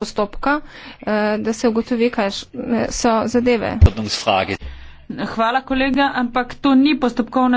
postopka, eh, da se ugotovi, kaj eh, so zadeve. Hvala, kolega, ampak to ni postopkovna.